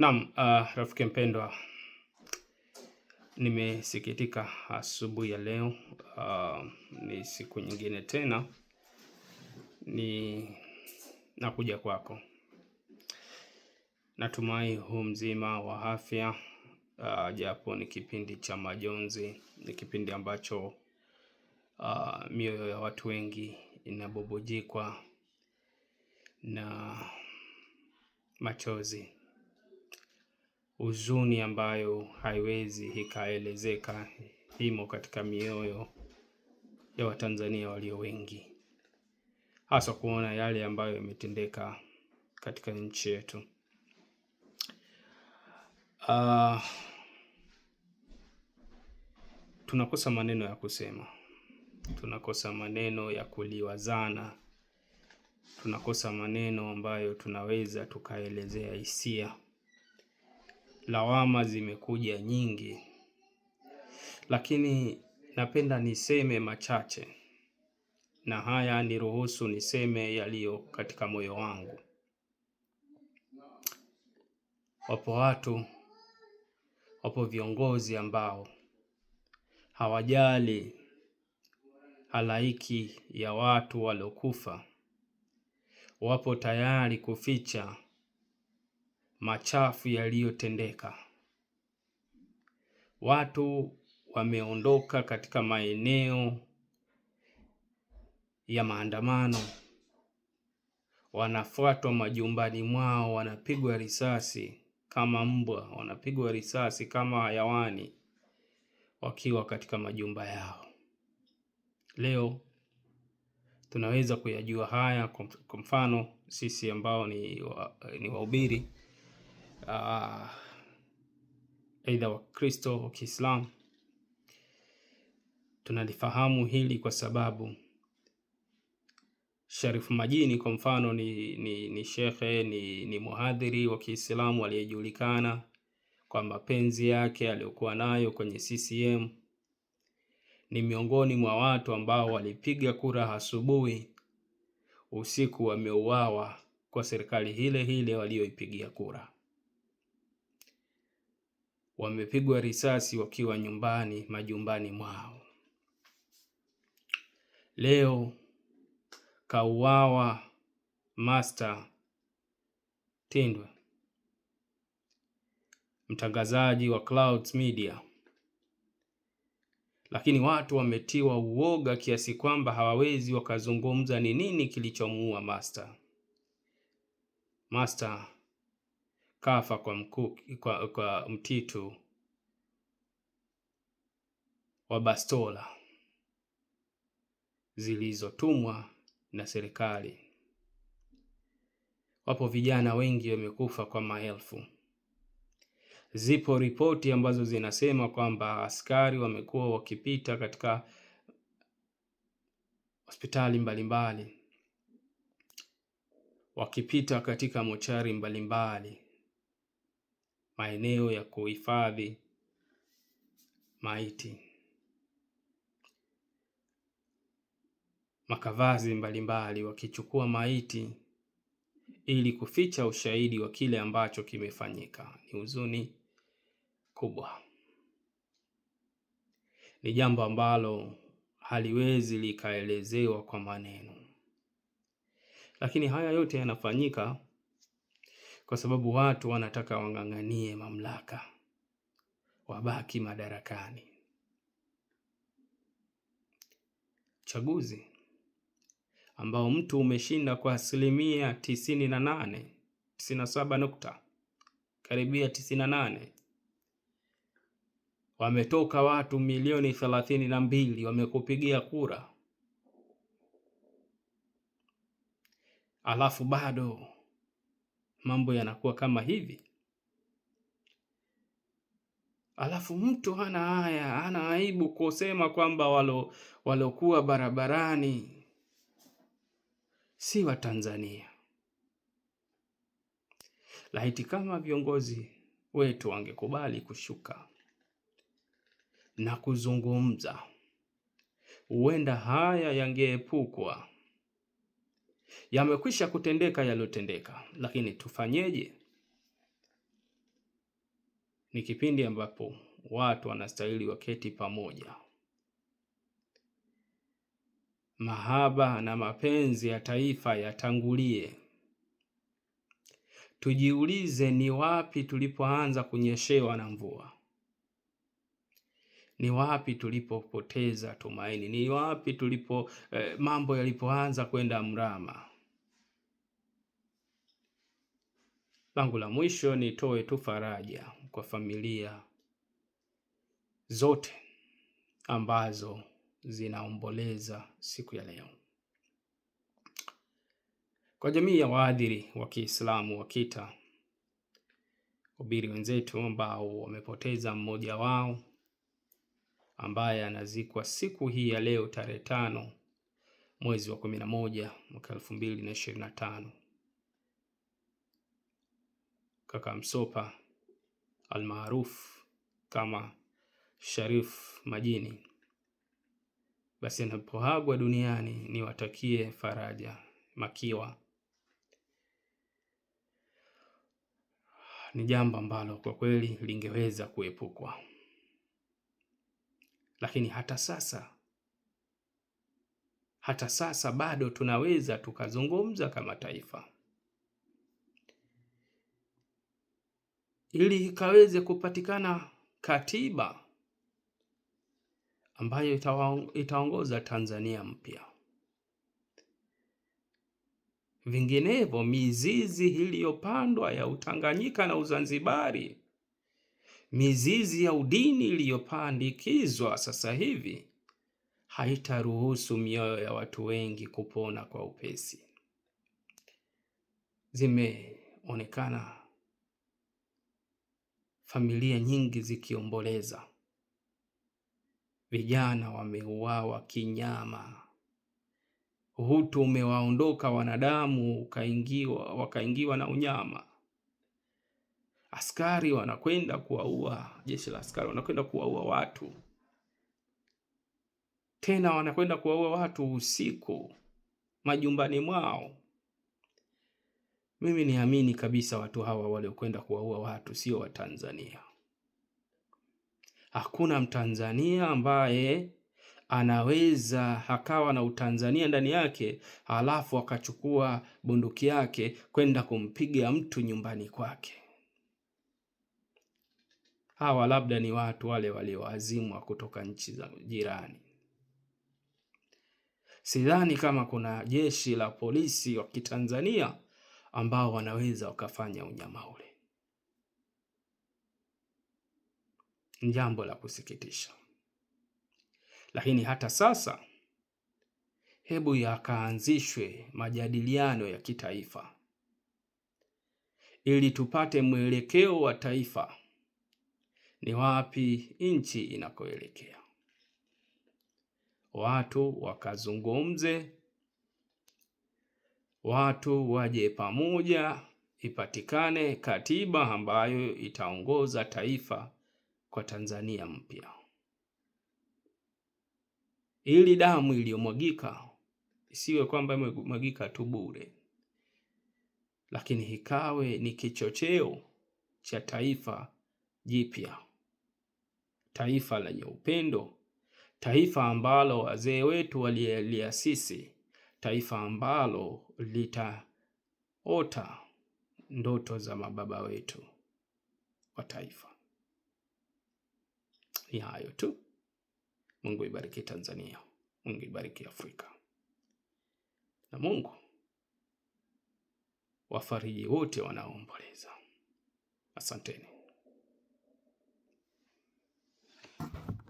Naam, uh, rafiki mpendwa, nimesikitika asubuhi ya leo. Uh, ni siku nyingine tena ni nakuja kwako. Natumai huu mzima wa afya, uh, japo ni kipindi cha majonzi, ni kipindi ambacho uh, mioyo ya watu wengi inabubujikwa na machozi huzuni ambayo haiwezi ikaelezeka imo katika mioyo ya Watanzania walio wengi, hasa kuona yale ambayo yametendeka katika nchi yetu. Uh, tunakosa maneno ya kusema, tunakosa maneno ya kuliwazana, tunakosa maneno ambayo tunaweza tukaelezea hisia lawama zimekuja nyingi, lakini napenda niseme machache, na haya niruhusu niseme yaliyo katika moyo wangu. Wapo watu, wapo viongozi ambao hawajali halaiki ya watu waliokufa, wapo tayari kuficha machafu yaliyotendeka. Watu wameondoka katika maeneo ya maandamano, wanafuatwa majumbani mwao, wanapigwa risasi kama mbwa, wanapigwa risasi kama hayawani wakiwa katika majumba yao. Leo tunaweza kuyajua haya. Kwa mfano sisi ambao ni wahubiri, ni uh, aidha Wakristo wa Kiislamu tunalifahamu hili kwa sababu Sharifu Majini kwa mfano ni, ni, ni shekhe ni, ni muhadhiri wa Kiislamu aliyejulikana kwa mapenzi yake aliyokuwa nayo kwenye CCM. Ni miongoni mwa watu ambao walipiga kura asubuhi, usiku wameuawa kwa serikali hile hile walioipigia kura wamepigwa risasi wakiwa nyumbani majumbani mwao. Leo kauawa Master Tindwe, mtangazaji wa Clouds Media, lakini watu wametiwa uoga kiasi kwamba hawawezi wakazungumza ni nini kilichomuua Master. Master kafa kwa, mku, kwa, kwa mtitu wa bastola zilizotumwa na serikali. Wapo vijana wengi wamekufa kwa maelfu. Zipo ripoti ambazo zinasema kwamba askari wamekuwa wakipita katika hospitali mbalimbali, wakipita katika mochari mbalimbali maeneo ya kuhifadhi maiti, makavazi mbalimbali wakichukua maiti ili kuficha ushahidi wa kile ambacho kimefanyika. Ni huzuni kubwa, ni jambo ambalo haliwezi likaelezewa kwa maneno, lakini haya yote yanafanyika kwa sababu watu wanataka wang'ang'anie mamlaka, wabaki madarakani. Chaguzi ambao mtu umeshinda kwa asilimia tisini na nane tisina saba nukta karibia tisini na nane wametoka watu milioni thelathini na mbili wamekupigia kura, alafu bado mambo yanakuwa kama hivi. Alafu mtu hana haya, hana aibu kusema kwamba walo walokuwa barabarani si wa Tanzania. Laiti kama viongozi wetu wangekubali kushuka na kuzungumza, huenda haya yangeepukwa. Yamekwisha kutendeka yaliyotendeka, lakini tufanyeje? Ni kipindi ambapo watu wanastahili waketi pamoja. Mahaba na mapenzi ya taifa yatangulie. Tujiulize, ni wapi tulipoanza kunyeshewa na mvua? Ni wapi tulipopoteza tumaini? Ni wapi tulipo eh, mambo yalipoanza kwenda mrama? Langu la mwisho nitoe tu faraja kwa familia zote ambazo zinaomboleza siku ya leo. Kwa jamii ya waadhiri wa Kiislamu wa KITA, ubiri wenzetu ambao wamepoteza mmoja wao ambaye anazikwa siku hii ya leo tarehe tano mwezi wa kumi na moja mwaka na tano Kaka Msopa almaarufu kama Sharif Majini, basi anapoagwa duniani niwatakie faraja makiwa. Ni jambo ambalo kwa kweli lingeweza kuepukwa. Lakini hata sasa, hata sasa bado tunaweza tukazungumza kama taifa. Ili ikaweze kupatikana katiba ambayo itaongoza Tanzania mpya. Vinginevyo mizizi iliyopandwa ya utanganyika na uzanzibari mizizi ya udini iliyopandikizwa sasa hivi haitaruhusu mioyo ya watu wengi kupona kwa upesi. Zimeonekana familia nyingi zikiomboleza, vijana wameuawa kinyama, utu umewaondoka wanadamu, ukaingiwa wakaingiwa na unyama askari wanakwenda kuwaua, jeshi la askari wanakwenda kuwaua watu, tena wanakwenda kuwaua watu usiku majumbani mwao. Mimi niamini kabisa watu hawa waliokwenda kuwaua watu sio Watanzania. Hakuna Mtanzania ambaye anaweza akawa na utanzania ndani yake halafu akachukua bunduki yake kwenda kumpiga mtu nyumbani kwake hawa labda ni watu wale waliowazimwa kutoka nchi za jirani. Sidhani kama kuna jeshi la polisi wa Kitanzania ambao wanaweza wakafanya unyama ule. Ni jambo la kusikitisha, lakini hata sasa, hebu yakaanzishwe majadiliano ya kitaifa ili tupate mwelekeo wa taifa ni wapi nchi inakoelekea. Watu wakazungumze, watu waje pamoja, ipatikane katiba ambayo itaongoza taifa kwa Tanzania mpya, ili damu iliyomwagika isiwe kwamba imemwagika tu bure, lakini ikawe ni kichocheo cha taifa jipya taifa lenye upendo, taifa ambalo wazee wetu waliliasisi, taifa ambalo litaota ndoto za mababa wetu wa taifa. Ni hayo tu. Mungu ibariki Tanzania, Mungu ibariki Afrika, na Mungu wafariji wote wanaoomboleza. Asanteni.